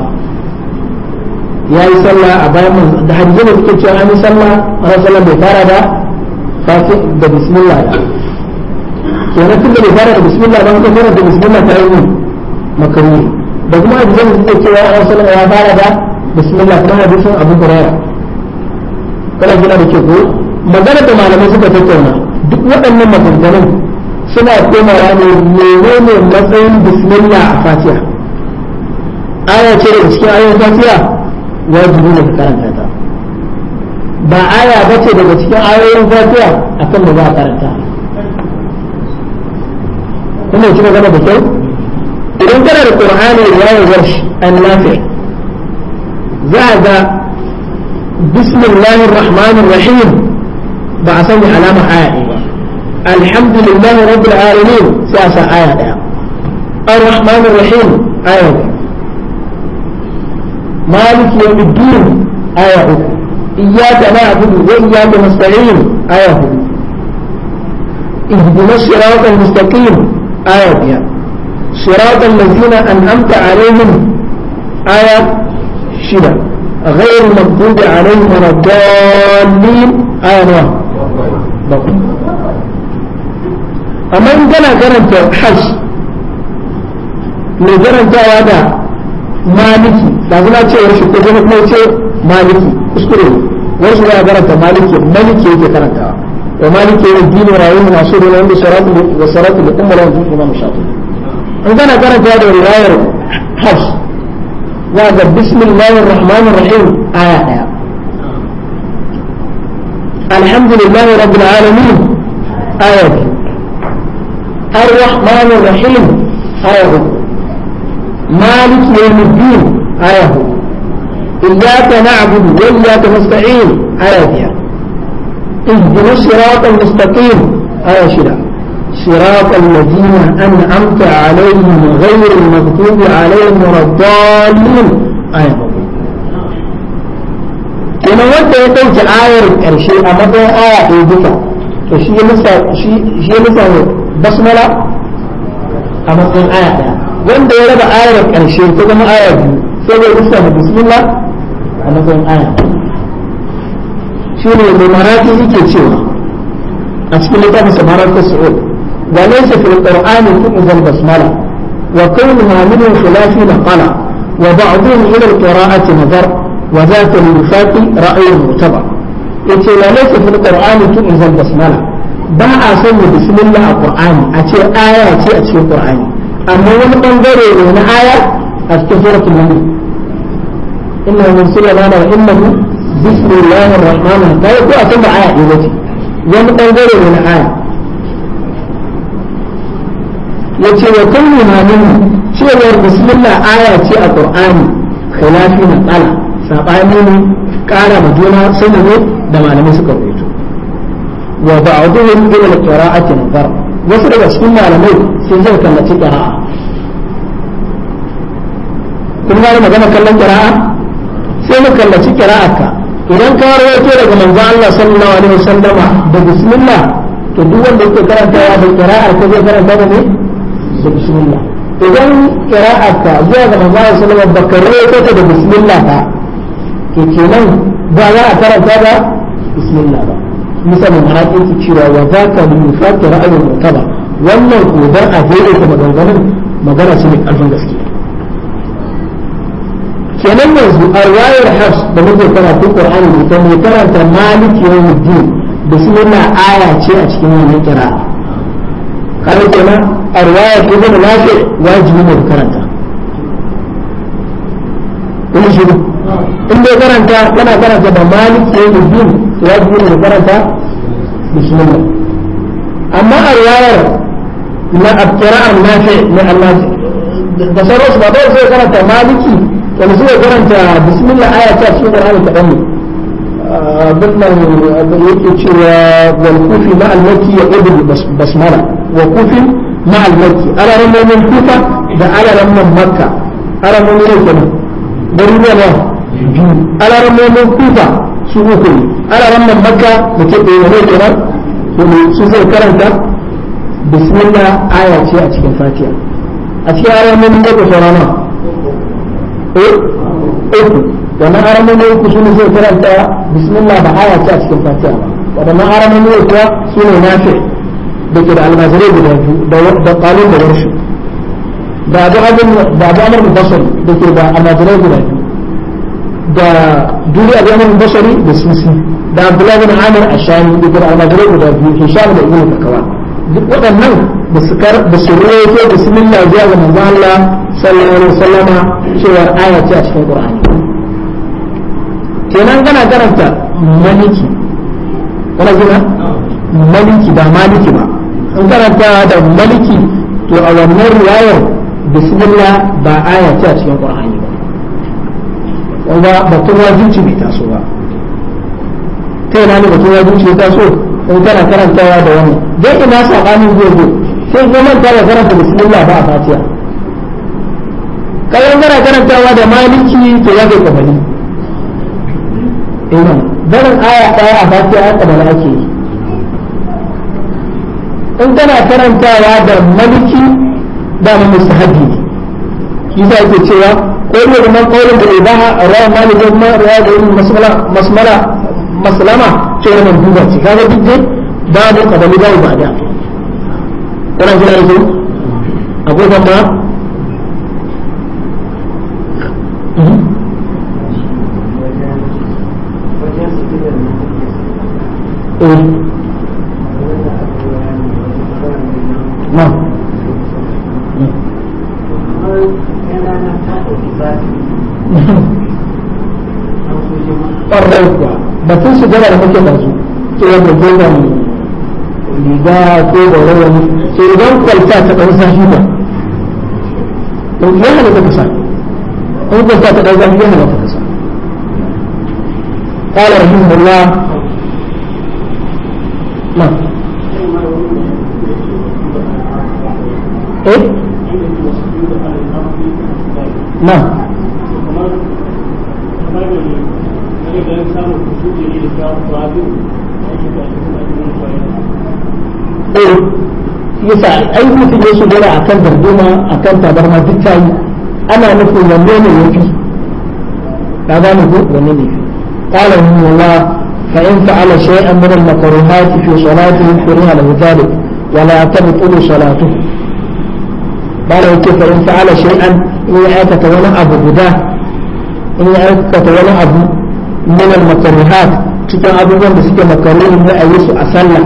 ya yi sallah a bayan da hadisi da suke cewa an yi sallah a sallah bai fara da Fasik da bismillah da kenan tun da bai fara da bismillah ba ka fara da bismillah ta yi makaruni da kuma abu zai zai cewa ya wasu ya fara da bismillah kuma hadisin abu hurairah kana gina da ke ko magana da malamai suka tattauna duk waɗannan maganganun suna komawa ne menene matsayin bismillah a fatiha aya ce da cikin ayoyin fatiha wajibi ne ka karanta ta ba aya ba ce daga cikin ayoyin fatiha kan da za a karanta kuma ci magana da kyau idan kana da qur'ani ya yi warshi an nafi za a ga bismillahir rahmanir rahim ba a sani alama aya ɗaya ba alhamdulillahi rabbil alamin sai a sa aya ɗaya ar-rahmanir rahim aya ɗaya maliki yawmiddin aya uku إياك نعبد وإياك نستعين آية اهدنا الصراط المستقيم آية صراط الذين أنعمت عليهم آية شدة غير المغضوب عليهم ولا الضالين آية أما إن كان كرنت حج لجرنت هذا maliki da zuna ce wani shi ko zama kuma ce maliki kuskure wani shi za a karanta maliki maliki yake karantawa wa maliki yana dini rayuwa na shi da wanda saratu da saratu da kuma lawan zuwa imam shafi in kana karanta da riwayar hafs za ga bismillahir rahmanir rahim aya daya alhamdulillahi rabbil alamin aya biyu الرحمن الرحيم aya مالك يوم الدين آية إياك نعبد وإياك نستعين آية فيها اهدنا الصراط المستقيم آية شرع صراط الذين أنعمت عليهم غير المغضوب عليهم ولا الضالين آية كما وانت يتوجه آية الشيء آه، في آية إيديك شيء مثل شيء لسه بسملة في آية wanda ya raba ayar karshe ta zama aya biyu sai ya rusa da bismillah a matsayin aya shine mai marati yake cewa a cikin littafin samarar ta su'ud wa laysa fil qur'ani tu'zal basmala wa qawluha min khilafi naqala wa ba'dhum ila al-qira'ati nazar wa zaka al-faqi ra'yun mutaba yace la laysa fil qur'ani tu'zal basmala ba a sanya bismillah a qur'ani a ce aya ce a cikin qur'ani amma wani bangare ne na aya a cikin suratul nahl inna min sulaiman wa innahu bismillahir rahmanir rahim ko a can aya ɗaya bace wani bangare ne na aya yace wa kullu ma minhu cewar bismillah aya ce a qur'ani khilafi na tsala sabani ne kara ma juna sanin da malamai suka rubuto wa ba'dhum ila qira'ati nazar wasu daga cikin malamai sun zai kallaci ƙira'a kun gane magana kallon ƙira'a sai mu kallaci ƙira'a ka idan ka rawaito daga manzo Allah sallallahu alaihi wasallama da bismillah to duk wanda yake karanta ya da ƙira'a ka zai karanta da ne da bismillah idan ƙira'a ka zuwa ga manzo Allah sallallahu alaihi wasallama ba ka rawaito ta da bismillah ba to kenan ba za a karanta da bismillah ba misalin haƙinci cewa wa za ka mu fata ra'ayin mutaba wannan ko dan a daidaita maganganun magana su ne ƙarfin gaske kenan yanzu a wayar hafs da muke karatun qur'ani da ta mai karanta maliki yawmiddin da su yana aya ce a cikin wannan kira kare kenan a riwaya ta zama wajibi ne karanta kuma shiru in dai karanta kana karanta da malik sai da din wajibi ne karanta bismillah amma a riwayar na abtira'an nafi na Allah da sauransu ba dole sai karanta maliki wani sai karanta bismillah aya ta cikin Qur'ani ta dan بالمن يكتب والكوفي مع المكي يقبل بسملة وكوفي مع المكي أنا رمى من كوفة ده أنا رمى مكة أنا رمى من بريدة biyu alarammomin kufa su uku ne alaramman makka mutum ɗaya ne kenan su zai karanta bismillah aya ce a cikin fatiha a cikin alarammomin makka da eh, uku wannan alarammomin uku su ne zai karanta bismillah ba aya ce a cikin fatiha waɗannan alarammomin uku su ne nafi da ke da almazirai guda biyu da ƙalin da warshi da abu amur mutasar da ke da almazirai guda biyu da duniya da yaman basari da sisi da abdullahi bin amir ashami da kuma almajirai guda biyu hisham da ibn takawa duk waɗannan da su kar da su rawaito bismillah zuwa ga manzo Allah sallallahu alaihi wasallam cewa aya ce a cikin qur'ani kenan kana karanta maliki kana gina maliki ba maliki ba in karanta da maliki to a wannan riwayar bismillah ba aya ce a cikin qur'ani wanda batun wajibci bai taso ba ta yana ne batun wajibci ya taso in kana karantawa da wani dan ina sabanin gobe sai kuma da karanta bismillah ba a fatiha kayan kana karantawa da maliki to ya ga kabali ina eh, barin aya daya a fatiha kamala ake yi in kana karantawa da maliki da mustahabi ne shi ke cewa ko ne kuma kawai da ibaha rawa mali da kuma rawa da yin masmala masmala maslama da mun duba ci kaga duk dai ba da kadami da ibada kana jira yake akwai ba ta Thank mm -hmm. Eh. you. su gaba da kake kansu sai ya gobe da riga ko da wani sai idan kwalta ta ɗan ba to ka sa in ba ta ɗan zafi ya halatta ka sa قال رحمه الله نعم ايه bisa ai mutum ya shigara a kan darduma a kan tabarma duk ta yi ana nufin wanne ne ya fi ka gane ko wanne ne qala wallah fa in fa'ala shay'an min al-makruhat fi salatihi furiha lahu dhalik wa la tabtulu salatuhu bala yake fa in fa'ala shay'an in ya aikata wani abu guda in ya aikata wani abu min al-makruhat cikin abubuwan da suke makaruhin ne a yi su a sallah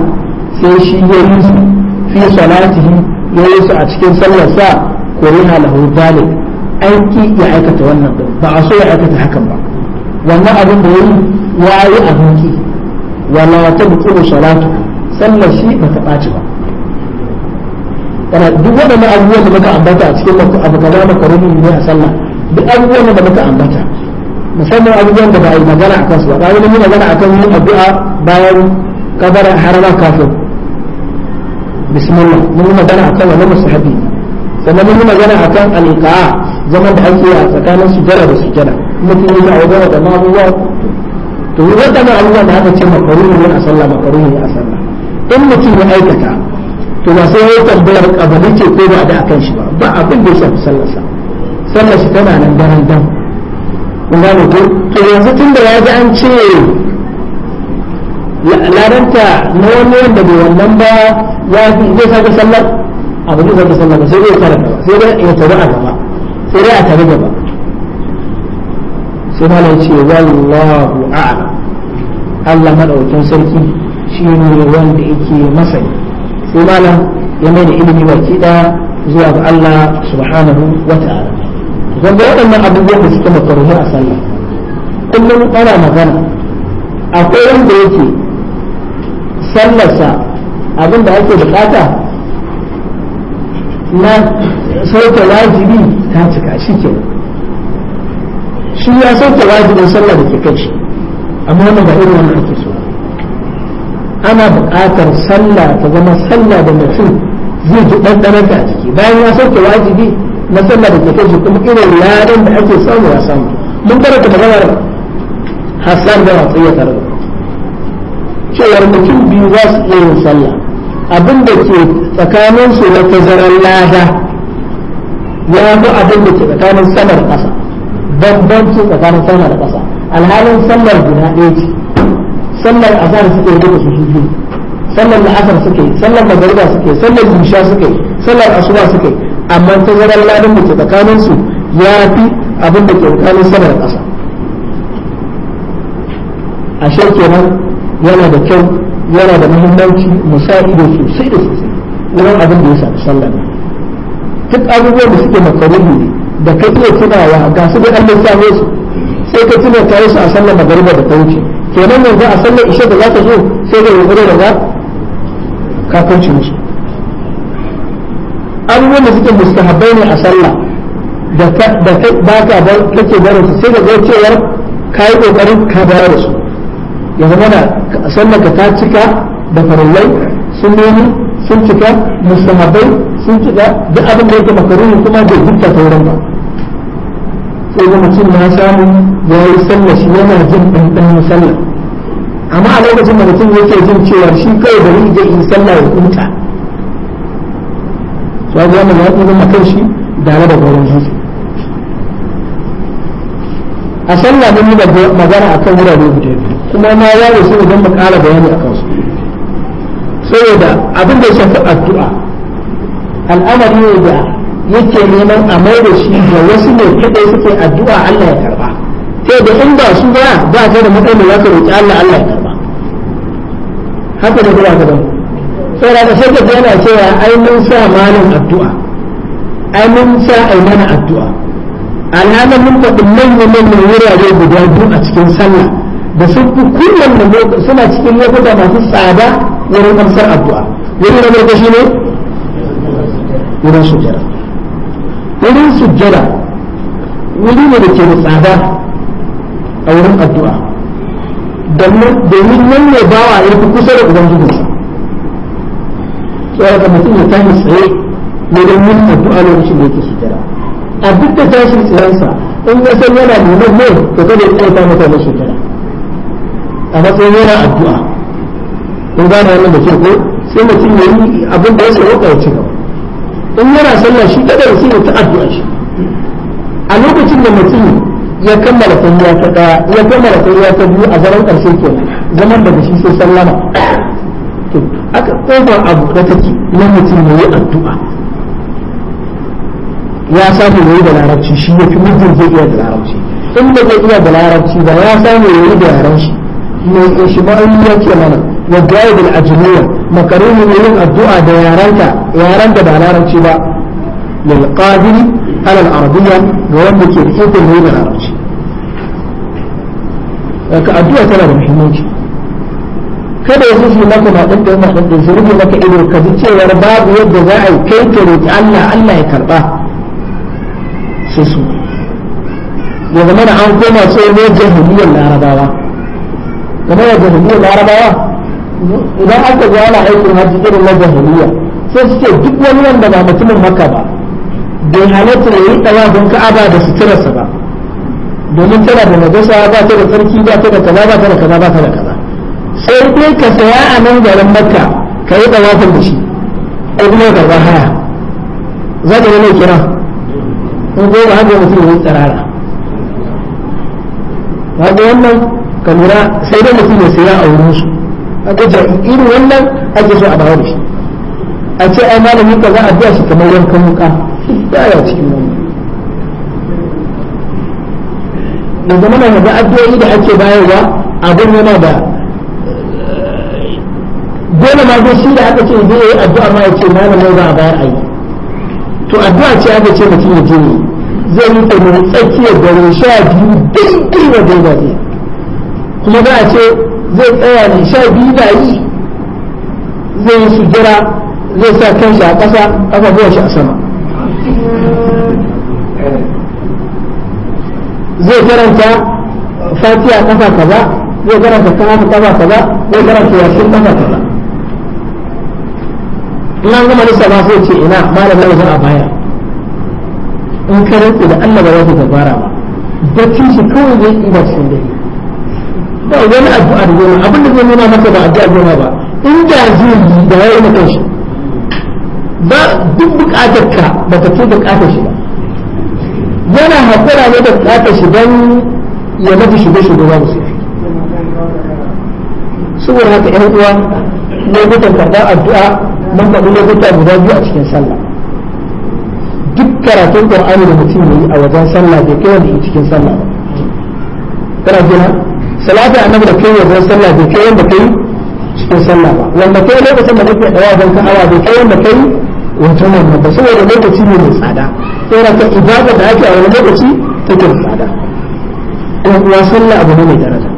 sai shi ya yi fi salatihi yi su a cikin sallar sa kuriha lahu zalik an ki ya aikata wannan din ba a so ya aikata hakan ba wannan abin da yayi wayi abin ki wala tabqulu salatu sallar shi ba ta ɓaci ba kana duk waɗannan abubuwan da muka ambata a cikin abu kaza makaroni ne a sallah duk abubuwan da muka ambata musamman abubuwan da ba a yi magana a kansu ba ba wani magana a kan yin addu'a bayan kabarin harama kafin bismillah mun yi magana akan wannan musahabi sannan mun yi magana akan alqa zaman da ake a tsakanin sujada da sujada mutum yi a wajen da abubuwa to wadannan abubuwa da aka ce makaruhi ne a sallah makaruhi ne a sallah in mutum ya aikata to ba sai ya tambayar kabali ce ko ba da akan shi ba ba abin da ya shafi sallarsa tana nan ko to yanzu tun da ya ji an ce laranta na wani wanda bai wannan ba ya fi zai sake sallar abu zai sake sallar sai zai tare gaba sai dai ya tare a gaba sai dai a tare gaba sai malam ce wallahu a'lam Allah madaukakin sarki shine wanda yake masani sai malam ya mai da ilimi baki da zuwa ga Allah subhanahu wa ta'ala kun ga waɗannan abubuwan da suke makaruhi a sallah kullum ana magana akwai wanda yake sallarsa abin da ake bukata na sauke wajibi ta cika shi ke shi ya sauke wajibin sallar da ke kai shi amma wannan ba irin wannan ake so ana bukatar sallah ta zama sallah da mutum zai ji ɗanɗanar da a jiki bayan ya sauke wajibi na sallah da ke kai shi kuma irin yaren da ake samu ya samu mun karanta maganar hassan da wasu ya tare da cewar mutum biyu za su iya yin sallah abin da ke tsakanin su na tazarar lada ya fi abin da ke tsakanin sama da ƙasa bambanci tsakanin sama ƙasa alhalin sallar guda ɗaya ce sallar azhar suke yi duka su su biyu sallar la'asar suke yi sallar magariba suke yi sallar isha suke yi sallar asuba suke yi amma tazarar ladan da ke tsakanin su ya fi abin da ke tsakanin sama da ƙasa ashe kenan yana da kyau yana da muhimmanci mu sa ido sosai da sosai wurin abin da ya sallar sallah duk abubuwan da suke makaruhi ne da ka iya tunawa ga su da Allah ya su sai ka tuna ta su a sallar magariba da ta wuce kenan yanzu a sallar isha da za ta zo sai da yankuri da za ka kunci musu abubuwan da suke mustahabbai ne a sallah da ka ba ka kake barin su sai da zai cewar ka yi kokarin ka bayar da su ya zama da sallar ka ta cika da farallai sun nemi sun cika musamman sun cika duk abin da yake makaruni kuma da gurta ta wurin ba sai ga mutum ya samu ya yi sallar shi yana jin ɗanɗan sallar amma a lokacin da mutum yake jin cewa shi kawai da zai yi sallar ya kunta to ga mun ya zama kan shi tare da gauran jinsi a sallah da yi magana akan wurare guda kuma na yawo su don zan ƙara bayani akan su saboda abin da shafi addu'a al'amari ne da yake neman a mai da shi da wasu ne kadai suke addu'a Allah ya karba sai da in ba su ba ba ka da matsayin da za ka roƙi Allah Allah ya karba haka da kuma gaban saboda da sai ka yana cewa ai mun sa malam addu'a ai mun sa ai mana addu'a alhalin mun faɗi manyan manyan wurare guda biyu a cikin sallah da sun fi kowanne suna cikin lokuta masu tsada wurin amsar addu'a wurin na farko ne wurin sujjara wurin sujjara wuri ne da ke da tsada a wurin addu'a domin nan ne bawa ya fi kusa da ubangijinsa tsawar da mutum ya tashi tsaye ne don yin addu'a lokacin da yake sujjara a duk da tashin tsayensa in ya san yana nuna ne to kada ya tsaye ta mutane sujjara a matsayin yana addu'a kun gane wannan da ke ko sai mutum ya yi abin da ya sauka ya ci gaba in yana sallah shi kada ya sai ta addu'a shi a lokacin da mutum ya kammala sanya ta ɗaya ya kammala sanya ta biyu a zaman karshe ke zaman da shi sai sallama to aka kofar abu da take na mutum ya yi addu'a ya samu ya yi da larabci shi ya fi mutum zai iya da larabci in ba zai iya da larabci ba ya samu ya yi da yaran shi mai ya yake mana wa gaib al ne yin addu'a da yaranta yaran da ba larabci ba lil qadiri ala al-arabiyya ga wanda ke ikon ne da larabci ka addu'a tana da muhimmanci kada ya zuci maka na ɗan ɗan ɗan ɗan zurubi maka ido ka ji cewar babu yadda za a yi kai ka roƙi Allah Allah ya karba sai su ya zama da an koma jahiliyar larabawa kamar da jahiliya larabawa idan aka zo ana aikin hajji irin na jahiliya sai suke duk wani wanda ba mutumin maka ba bai halatta ya yi tawafin ka'aba da suturarsa ba domin tana da najasa ba ta da sarki ba ta da kaza ba ta da kaza ba ta da kaza sai dai ka saya a nan garin makka ka yi tawafin da shi ko kuma ka ba haya za ka yi mai kira in goma hajji mutum ya yi tsirara. Wanda wannan ka sai dai mutum ya saya a wurin su aka ce irin wannan ake so a dawo da shi a ce ai malami ka za a biya shi kamar yankan wuka ba ya cikin wannan da zama da yanzu addu'o'i da ake bayarwa abin yana da dole ma dai shi da aka ce zai yi addu'a ma ya ce malamin za a bayar a yi to addu'a ce aka ce mutum ya je zai yi ta tsakiyar dare sha biyu daidai wa daidai kuma ba a ce zai tsaya ne sha biyu da yi zai yi sujjira zai sa kan shi a ƙasa ƙafafuwan shi a sama zai karanta fatiya kafa kaza zai karanta kafa kafa kaza zai karanta yasin kafa kaza Ina gama nisa ba sai ce ina malam yau a baya in karanta da Allah ba za ta fara ba bacci shi kawai zai yi cikin dare ba wani addu'ar gona abin da zai nuna maka ba addu'ar gona ba in inda zai yi da yayi maka shi ba duk bukatar ka ba ka ce bukatar shi ba yana hakura ne da bukatar shi don ya mafi shigo shigo ba musu saboda haka yan uwa lokutan karɓar addu'a mun faɗi lokuta guda biyu a cikin sallah duk karatun qur'ani da mutum yayi a wajen sallah bai kai wanda cikin sallah ba kana salatin annabi da kai wajen sallah bai kai wanda kai cikin sallah ba wanda kai lokacin da kake dawa don ka awa bai kai wanda kai wajen nan ba saboda lokaci ne mai tsada saboda ka ibada da ake a wani lokaci take da tsada in uwa sallah abu ne mai daraja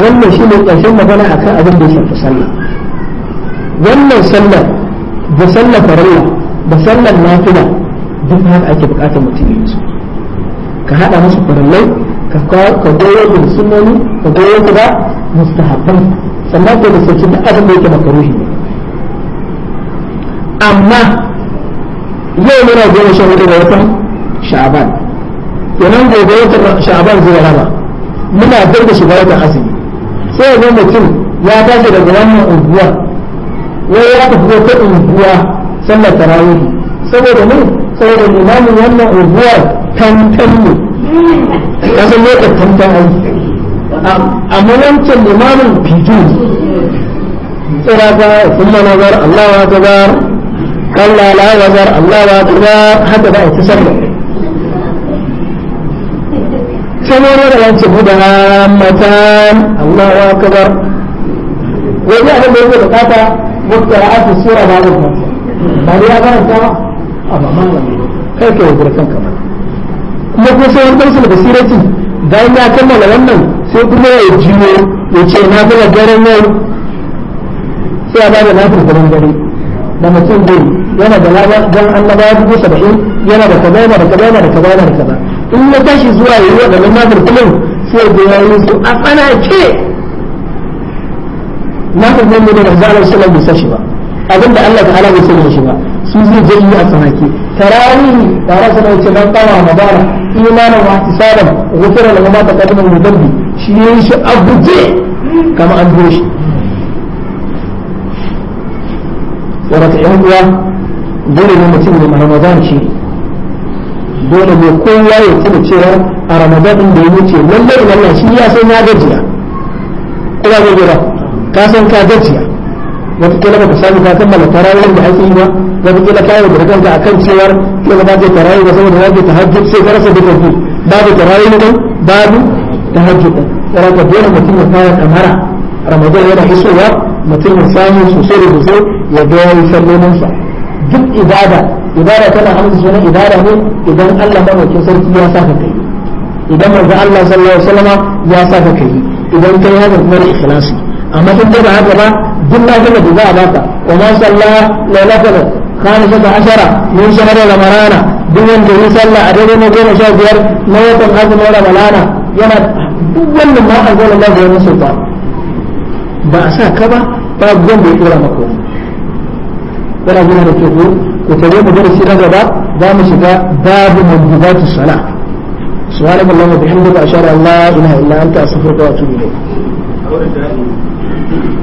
wannan shine ƙarshen magana akan abin da ya shafi sallah wannan sallar da sallar farilla da sallar nafila duk haka ake bukatar mutum yi su ka haɗa musu farillai ka goyo da sunoni ka goyo su da mustahabban sannan ka da sauki da abin da yake makaruhi ne amma yau muna goma shan hudu da watan sha'aban kenan gobe watan sha'aban zai raba muna dai da shiga watan azumi sai yanzu mutum ya tashi daga wannan unguwa wai ya tafi ta unguwa sallar tarawih saboda ne saboda limamin wannan unguwar tantan ne kasan ne kattanta amma wancan limamin fito tsirata kuma nazar Allah wa tabar kalla la wazar Allah wa tabar haka ba ita sallah sanar da yanci guda matan Allah wa tabar wani abin da yake bukata mutsara a su sura ba zai ba ne ya karanta a mamman kai ke wajen kanka kuma ko sai wani da basirati bayan ya kammala wannan sai kuma ya jiwo ya ce na gama daren nan sai ya ba na nafin daren gari da mutum dai yana da dan ya dubu saba'in yana da kaza yana da kaza yana da kaza yana da kaza in ya tashi zuwa ya yi waɗannan nafin kullum sai da ya yi su a tsanake nafin daren da manzo Allah sallallahu alaihi wasallam shi ba abinda Allah ta bai sanya shi ba shi zai je yi a tsanake tarawihi tare da sanar ce dan kama magana imanin wa tisalan gufira da mata kadimin mudabbi shi yayin shi abuje kama an biyo shi wata yan uwa dole ne mutum ne ramadan shi dole ne kowa ya tuna cewa a ramadan din da ya wuce lallai lallai shi ya san ya gajiya kuma ga gura ka san ka gajiya wata kila baka samu ka kammala tarawih da hatsi ba wata kila ka yaudara kanka akan cewar kila ba ta tarawih ba saboda zaka tahajjud sai ka rasa dukan ku babu tarawih din babu tahajjud din saboda dole mutum ya fara kamara ramadan yana isowa mutum ya samu sosai da sosai ya ga yayi sallolinsa duk ibada ibada tana amsa sunan ibada ne idan Allah madaukakin sarki ya saka kai idan manzo Allah sallallahu alaihi wasallam ya saka kai idan kai haka kuma da ikhlasi amma in ba haka ba جنة جنة جزاء باتا وما شاء الله ليلة خامسة عشرة من شهر رمضان دون جهي صلى عدد مجين شاكر نوت الحج مولا ملانا يما دول ما أزول الله جهي سلطان بأسا كبا طاق جنب يقول مكو ولا جنة تقول وتجيب جنة سيرا جبا دام شكا باب منجبات الصلاة سؤال الله وبحمدك أشار الله إله إلا أنت أصفرك وأتوب إليك